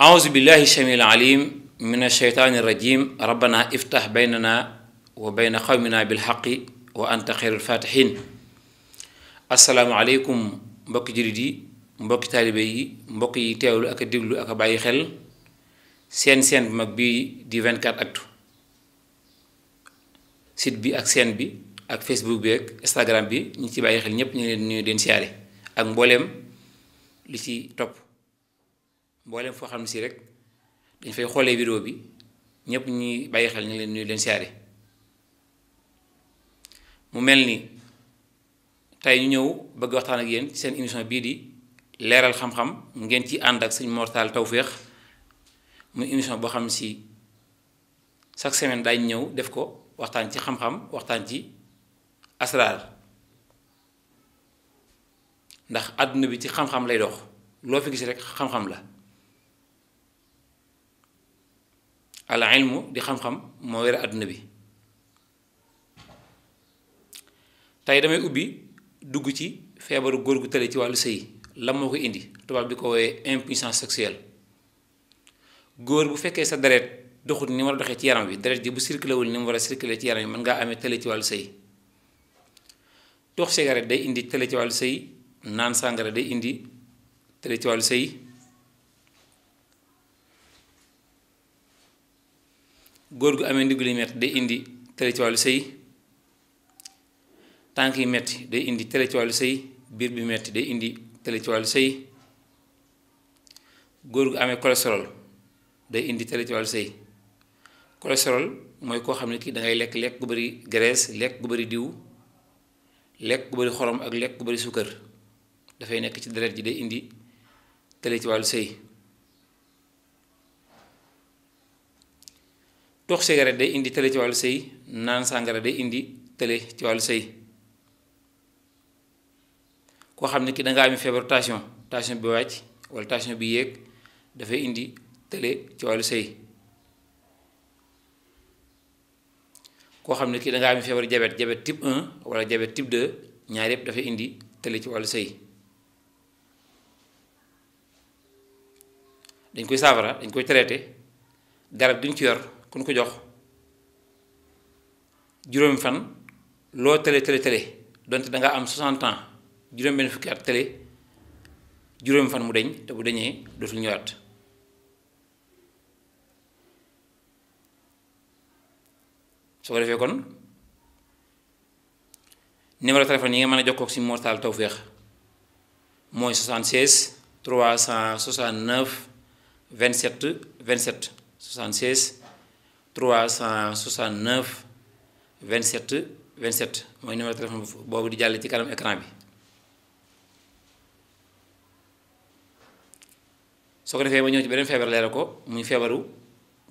auzu billahi samiil alim min asheytaani rajim rabbana iftax baynana wa bayna xawmina bilxaqi wa anta xeyrul fatixin asalaamualeykum mbokki jullit yi mbokki taalibe yi mbokk yi teewlu ak diglu ak bàyyi xel seen seen bu mag bii di 24 actu site bi ak seen bi ak facebook bi ak instagram bi ñu ci bàyyi xel ñépp ñu leen nuyu den siyaare ak mbooleem li ci topp mboolem foo xam ne si rek dañ fay xoolee vidéo bi ñëpp ñuy bàyyi xel ñu leen nuyu leen siyaare mu mel ni tey ñu ñëw bëgg waxtaan a yéen ci seen émission bii di leeral xam-xam ngeen ci ànd ak sëñ Mortal Tawféex mu émission boo xam si chaque semaine daañu ñëw def ko waxtaan ci xam-xam waxtaan ci asraar ndax àdduna bi ci xam-xam lay dox loo fi gis rek xam-xam la. al ilmu di xam-xam moo yore àdduna bi tey damay ubbi dugg ci feebaru góor gu tële ci wàllu sëy lan moo ko indi tubaab bi ko woowee impuissance sexuelle góor bu fekkee sa deret doxut ni mu war a doxee ci yaram bi deret ji bu circulé wul ni mu war a circulé ci yaram bi mën ngaa amee tële ci wàllu sëy tox cigarette day indi tële ci wàllu sëy naan sàngara day indi tële ci wàllu sëy góor gu amee ndigg li metti day indi tële ci wàllu sëy tànk yi metti day indi tële ci wàllu sëy biir bi metti day indi tële ci wàllu sëy góor gu amee cholestérol day indi tële ci wàllu sëy cholestérol mooy koo xam ne kii dangay lekk lekk gu bari graisse lekk gu bari diw lekk gu bari xorom ak lekk gu bari sukkar dafay nekk ci deret ji day indi tële ci wàllu sëy tox cigarette day indi tële ci wàllu sëy naan sàngara day indi tële ci wàllu sëy koo xam ne ki danga am feebaru tension tension bi wàcc wala tension bi yéeg dafay indi tële ci wàllu sëy koo xam ne ki danga am feebaru diabète diabète type 1 wala diabète type 2 ñaar yëpp dafay indi tële ci wàllu sëy dañ koy saafara dañ koy traité garab duñ ci yor kun ko jox juróomi fan loo tële tële tële donte da nga am 60 ans juróom benn fukki at tële juróomi fan mu deñ te bu deñee dootul ñëwaat su ko defee kon numéro téléphone yi nga mën a jokkoo ak si Mor Talla Tawféex mooy 76 369 27 27 76. 369 27 27 mooy numéro téléphone boobu di jàll ci kanam écran bi soo ko defee ba ñëw ci beneen feebar leeral ko muy feebaru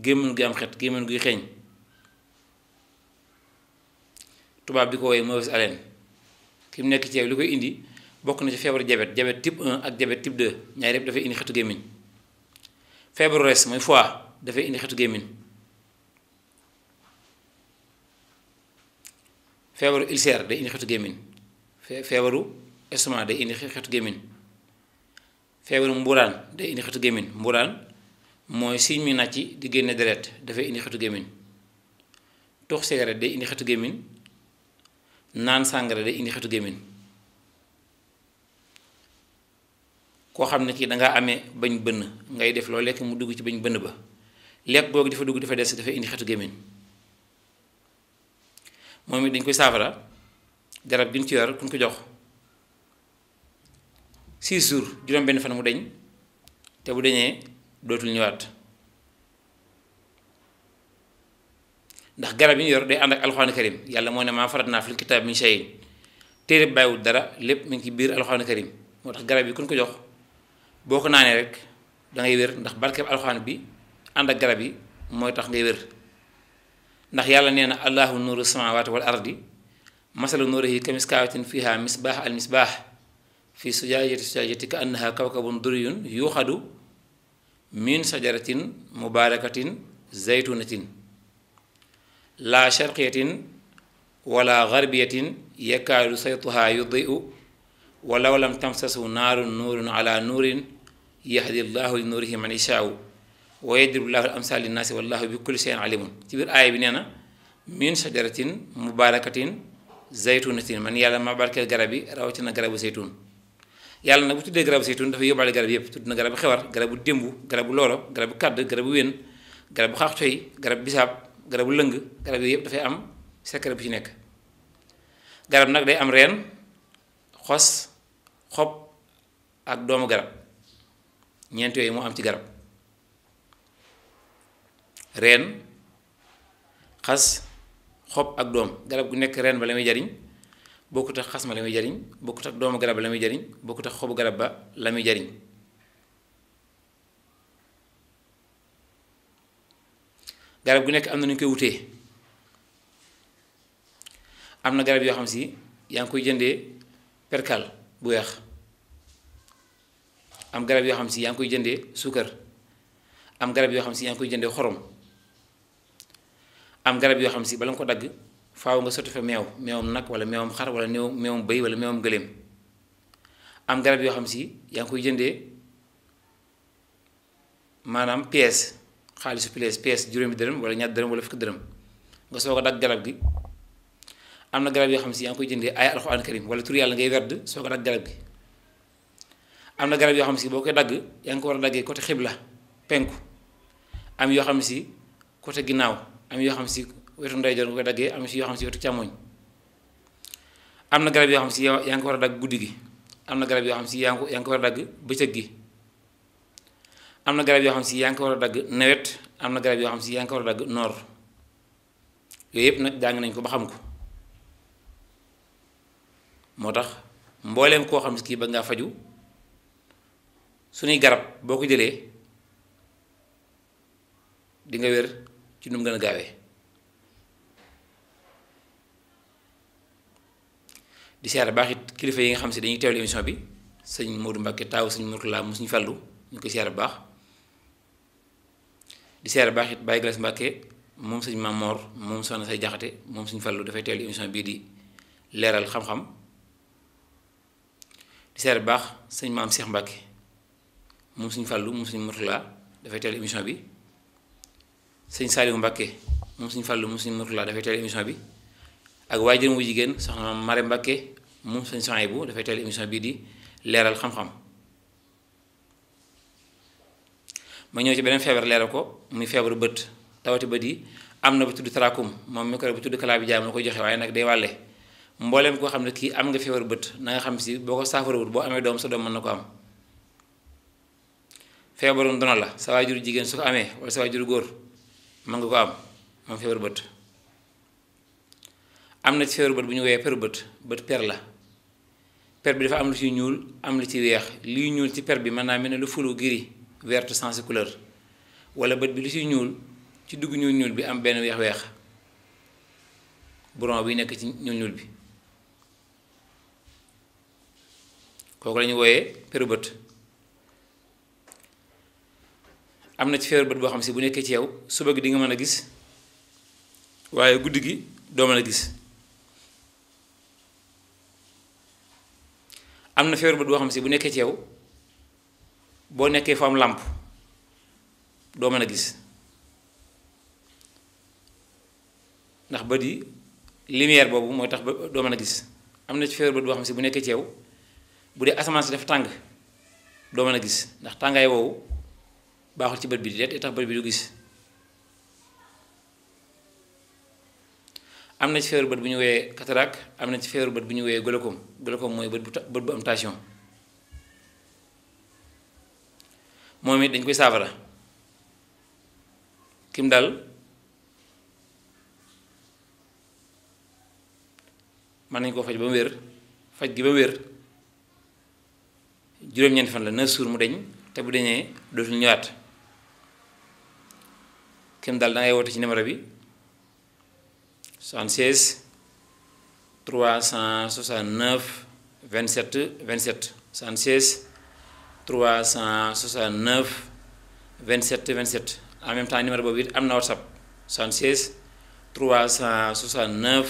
gémmiñ gi am xet gémmiñ guy xeeñ tubaab bi ko woowee mauvaise haleine ki mu nekk ci yow li koy indi bokk na ci feebaru diabète diabète type 1 ak diabète type 2 ñaar yëpp dafay indi xetu gémmiñ feebaru res mooy foie dafay indi xetu gémmiñ feebaru ulcère day indi xeetu gémmiñ feebaru estomac indi xeetu gémmiñ feebaru mburaan day indi xeetu gémmiñ mburaan mooy siñ mi nàcc di génne deret dafay indi xeetu gémmiñ tux cigarette day indi xeetu gémmiñ naan sàngara day indi xeetu gémmiñ koo xam ne kii dangaa amee bañ bënn ngay def loo lekk mu dugg ci bañ bënn ba lekk googu dafa dugg dafa des dafay indi xetu gémmiñ moom it dañ koy saafara garab gi ci yor ku ko jox six jours juróom-benn fan te bu deñee dootul ñëwaat ndax garab yi ñu yor day ànd ak alxuraan karim yàlla moo ne maa farat naa fil kitaab min sey téere bàyyiwul dara lépp mi ngi ci biir alxuraan karim moo tax garab yi ku ñu ko jox boo ko naanee rek da ngay wér ndax barkeb alxuraan bi ànd ak garab yi mooy tax ngay wér. ndax yàlla nee na allahu nuuru samaawaati wal ardi masalu nuurihi kamiskaawatin fiha misbaax al misbaax fi sujaajati sujaajati ka annaha kawkabun duriyun yuuxadu min sajaratin mubaarakatin zaytunatin laa sharqiyatin wala garbiyatin yakaadu saytuha yudiu walaw lam tamsasu naarun nuurun ala nuurin yahdi llahu li nuurihi man yashaau wa yadribu llaahu al amsaal linnaasi wallaahu bi kulli shay'in alimun ci biir aaya bi nee na min shajaratin mubarakatin zaytunatin man yàlla ma barkeel garab yi rawatina garabu zaytun yàlla na bu tuddee garabu zaytun dafa yóbbaale garab yëpp tudd na garabu xewar garabu démbu garabu loolo garabu kàdd garabu wén garabu xaaxtoy garabu bisaab garabu lëng garab yooyu yëpp dafay am secret bu ci nekk garab nag day am reen xos xob ak doomu garab ñeent yooyu moo am ci garab reen xas xob ak doom garab gu nekk reen ba la muy jariñ bokkut ak xas ma la muy jariñ bokkut ak doomu garab ba la muy jariñ bokkut ak xobu garab ba la muy jariñ garab gu nekk am na nu ñu koy wutee am na garab yoo xam si yaa ngi koy jëndee perkal bu weex am garab yoo xam si yaa ngi koy jëndee suukar am garab yoo xam si yaa ngi koy jëndee xorom am garab yoo xam si bala nga ko dagg faw nga sotti fa meew meewam nag wala meewam xar wala meew meewam bëy wala meewam gëléem am garab yoo xam si yaa ngi koy jëndee maanaam pièce xaalisu pièce pièce juróomi dërëm wala ñaar dërëm wala fukki dërëm nga soog a garab gi am na garab yoo xam si yaa ngi koy jëndee ay alxuraan karim wala tur yàlla ngay werd soog a dagg garab gi am na garab yoo xam si boo koy dagg yaa ngi ko war a daggee côté xibla penku am yoo xam si côté ginnaaw am yoo xam si wetu ndeyjoor nga koy daggee am si yoo xam si wetu càmmoñ am na garab yoo xam si yaa ngi war a dagg guddi gi am na garab yoo xam si yaa ngi ko dagg bëccëg gi am na garab yoo xam si yaa ngi war a dagg nawet am na garab yoo xam si yaa war a dagg noor yooyu yëpp nag jàng nañ ko ba xam ko moo tax mbooleem koo xam si kii ba ngaa faju suñuy garab boo ko jëlee dinga wér ci nu mu gën a gaawee di siyaare baax kilifa yi nga xam si dañuy teewlu émission bi sëñ Modou Mbacke taaw sëñ Mourtala mu suñu fallu ñu koy siyaare baax di siyaare baax it Baye Glass Mbacke moom sëñ Mamor moom soxna say jaxate moom suñu fallu dafay teewlu émission bii di leeral xam-xam di siyaare baax sëñ maam Cheikh Mbacke moom suñu fallu moom suñu Mourtala dafay teewlu émission bi sëñ Saliou Mbakke moom sëñ Fallou moom sëñ Mourtala dafay teel émission bi ak waajur mu jigéen soxna maam Mare Mbakke moom sëñ Souhaïbou dafay teel émission bii di leeral xam-xam ma ñëw ci beneen feebar leeral ko muy feebaru bët tawati bët yi am na bu tudd trachome moom mi bu tudd kalaa bi jaam la ko joxe waaye nag day wàlle mbooleem koo xam ne kii am nga feebaru bët na xam si boo ko saafarawut boo amee doom sa doom mën na ko am feebaru la sa waajur jigéen su amee wala sa waajur góor mën nga ko am moom feebar bët am na ci feebar bët bu ñu woowee per bët bët per la per bi dafa am lu ci ñuul am lu ci weex liy ñuul ci per bi mën naa mel ne lu fulu giri verte sans couleur wala bët bi lu ci ñuul ci dugg ñuul ñuul bi am benn weex weex bouron bi nekk ci ñuul ñuul bi kooku lañu ñu peru bët am na ci feebar bët boo xam si bu nekkee ci yow suba gi di nga mën a gis waaye guddi gi doo mën a gis am na feebar bët boo xam si bu nekkee ci yow boo nekkee fa làmp doo a gis ndax bët yi lumière boobu mooy tax ba doo a gis am na ci feebar bët si bu nekkee ci bu dee asamaan si dafa tàng doo mën a gis ndax tàngaay woowu baaxul ci bët bi di dee tax bët bi du gis am na ci feebaru bët bu ñu wooyee cataracte am na ci feeru bët bu ñu wooyee glaucome glaucome mooy bët bu bët bu am tension moom it dañ koy saafara kim dal mën nañ koo faj ba mu wér faj gi ba mu wér juróom-ñeent fan la neuf jours mu deñ te bu deñee dootul ñëwaat kem daal da ngay woote ci numéro bi 76 369 27 27 76 369 27 27 en même temps numéro boobu it am na whatsapp 76 369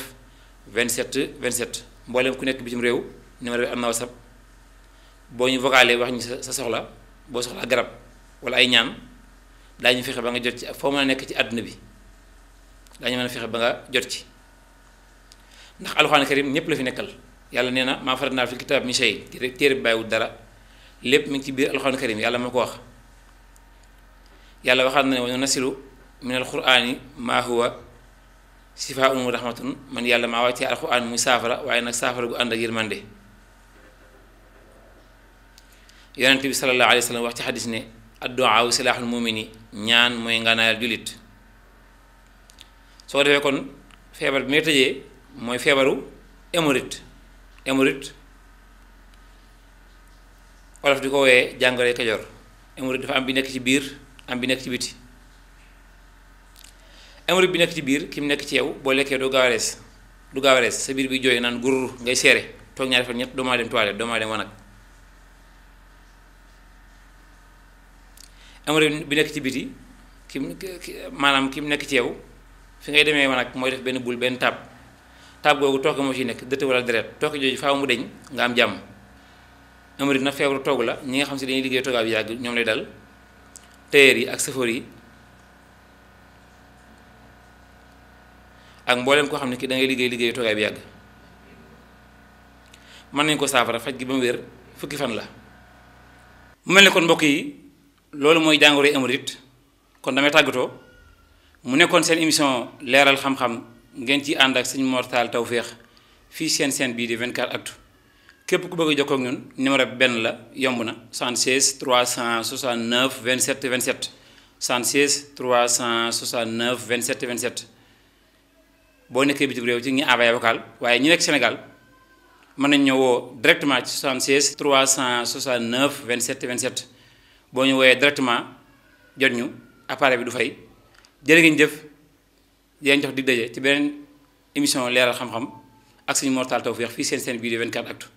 27 27 mboolem ku nekk bitim réew numéro bi am na whatsapp boo ñu vocalé wax ñu sa soxla boo soxlaa garab wala ay ñaan. daañu fexe ba nga jot ci ak foo mën a nekk ci àdduna bi daañu mën a fexe ba nga jot ci ndax alxuraan karim ñépp la fi nekkal yàlla nee na maa farat naa fi kitaab mi shay téere bi bàyyiwul dara lépp mu ngi ci biir alxuraan karim yàlla moo ko wax yàlla waxaat na ne wa nunazzilu min alqurani maa huwa sifaun wa rahmatun man yàlla maa wàccee alxuraan muy saafara waaye nag saafara gu ànd ak yërmande yonent bi sallallahu alayhi wa wax ci xadis ne at adduwaaw silaaxul mumini ñaan mooy nganaayal jullit soo defee kon feebar bi may tëjee mooy feebaru émorite émorite olof di ko woyee jàngoro Kajoor émorite dafa am bi nekk ci biir am bi nekk ci biti émorite bi nekk ci biir ki mu nekk ci yow boo lekkee du gaaw a rees du gaaw a rees sa biir bi jooy naan gurur ngay seere toog ñaari fan ñett doomaa dem toilette doomaa dem wanag amaré bi nekk ci biti ki maanaam ki mu nekk ci yow fi ngay demee man ak mooy def benn bul benn tab tab googu tooke moo ci nekk dëtt wala deret tooke jooju faaw mu deñ nga am jàmm amaré na feebaru toog la ñi nga xam si dañuy liggéey toogaa bi yàgg ñoom lay dal tailleur yi ak chauffeur yi ak mbooleem koo xam ne ki dangay liggéey liggéey toogaay bi yàgg mën nañ ko saafara faj gi ba mu wér fukki fan la mu mel ni kon mbokk yi loolu mooy jàngoro émérite kon damay tàggatoo mu nekkoon seen émission leeral xam-xam ngeen ci ànd ak sëñ Mortal Tawféex fii seen seen bii di 24 actu képp ku bëgg a jokkoo ak ñun numéro benn la yomb na 76 369 27 27 76 369 27 27 boo nekkee bitim réew ci ñi envoyé vocal waaye ñi nekk Sénégal mën nañ ñëwoo directement ci 76 369 27 27 boo ñu woowee directement jot ñu appareil bi du fay jërë ngeen jëf yéen jox dig daje ci beneen émission leeral xam-xam ak suñu Mor Talla Tawfekh fii seen seen biir 24 actu